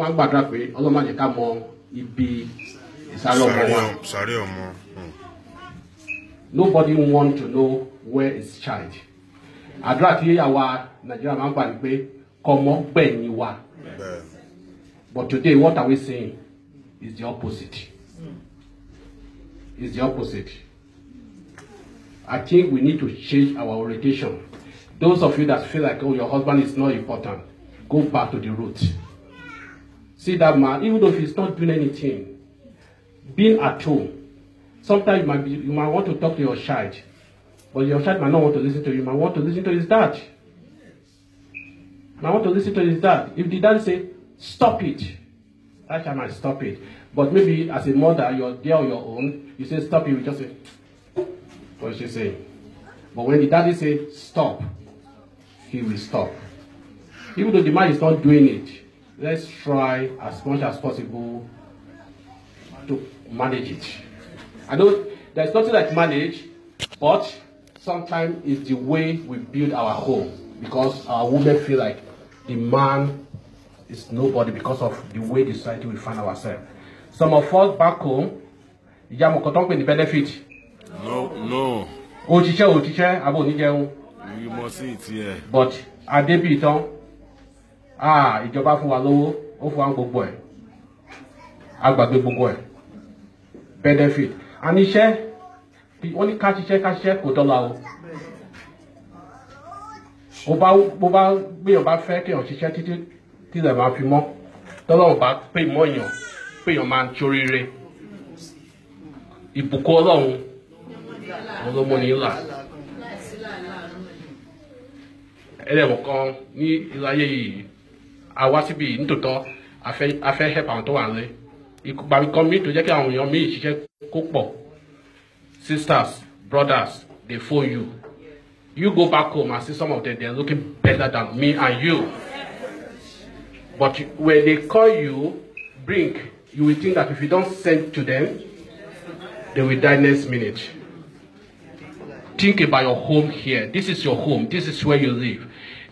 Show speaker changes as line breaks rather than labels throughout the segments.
wọ́n gbàdúrà pé ọlọ́mọ àjẹ ká mọ ibi ìsàlẹ̀ ọmọ hmm. nobody want to know where his child. àdúrà tí àwa nàìjíríà máa ń gbà ní pé kọ́mọ gbẹ̀yìn wa. but today what are we saying is the opposite. is the opposite. I think we need to change our orientation. Those of you that feel like, oh, your husband is not important, go back to the roots. See that man, even though he's not doing anything, being at home, sometimes you might, be, you might want to talk to your child, but your child might not want to listen to you. You might want to listen to his dad. And I want to listen to his dad. If the dad say, stop it, that child might stop it. But maybe as a mother, you're there on your own, you say, stop it, you just say, what is she saying? But when the daddy say, stop, he will stop. Even though the man is not doing it, let's try as much as possible to manage it. I know there's nothing like manage, but sometimes it's the way we build our home because our women feel like the man is nobody because of the way the society we find ourselves. Some of us back home, you mọ̀kàn tó ń pè ní benefit. No, no. Òṣìṣẹ́ òṣìṣẹ́ àbò oníjẹun. You must eat, see it here. But Adébíyìtán. Ah, ìjọba fún wa lówó ó fún wa gbogbo ẹ̀ agbàgbé gbogbo ẹ̀ benefit àní iṣẹ́ ní ká ṣiṣẹ́ kò dọ́là o bó bá bó bá gbéyàn bá fẹ́ kéèyàn ṣiṣẹ́ títí tílẹ̀ bá fi mọ́ tọ́lọ́run bá pè mọ́ èèyàn pé èèyàn máa ń ṣoríire ìbùkún ọlọ́run ọlọ́mọnì ńlá ẹlẹ́wọ̀n kan ní ìlàyé yìí I to be síbi yìí nítòótọ́ a fẹ́ help àwọn tó wà lé ìpàmì come míì tó jẹ́ kí àwọn èèyàn míì ṣiṣẹ́ kó pọ̀ sisters brothers They phone you you go back home and see some of them they are looking better than me and you but when they call you bring you will think that if you don't send to them they will die next minute. Think about your home here. This is your home. This is where you live.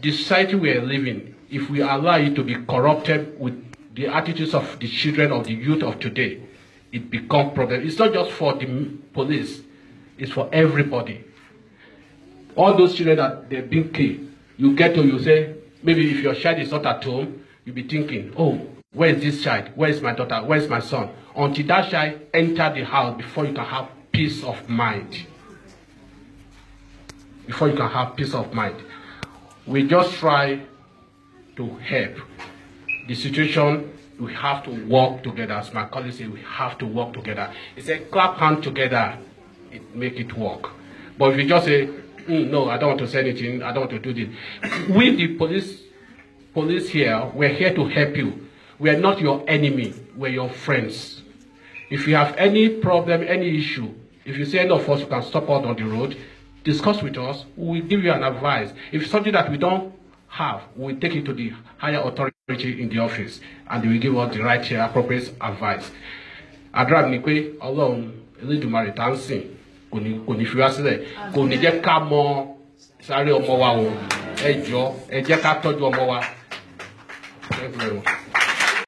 The society we are living if we allow it to be corrupted with the attitudes of the children of the youth of today, it becomes problem. It's not just for the police, it's for everybody. All those children that they've been killed, you get to you say, maybe if your child is not at home, you'll be thinking, oh, where is this child? Where is my daughter? Where is my son? Until that child enter the house before you can have peace of mind. Before you can have peace of mind. We just try to help. The situation we have to work together. As my colleague say, we have to work together. He said, clap hand together, it make it work. But if you just say, mm, no, I don't want to say anything, I don't want to do this. we, the police, police here, we're here to help you. We are not your enemy, we're your friends. If you have any problem, any issue, if you see any of us who can stop out on the road, discuss with us, we'll give you an advice. If something that we don't have, we take it to the higher authority in the office and they will give us the right appropriate advice. Àdúrà mi pé Ọlọ́run Elédùmarè tá ń sìn kò ní kò ní fi wá sílẹ̀ kò ní jẹ́ ká mọ sáré ọmọ wa o ẹ jọ ẹ jẹ́ ká tọ́jú ọmọ wa. Thank you very much.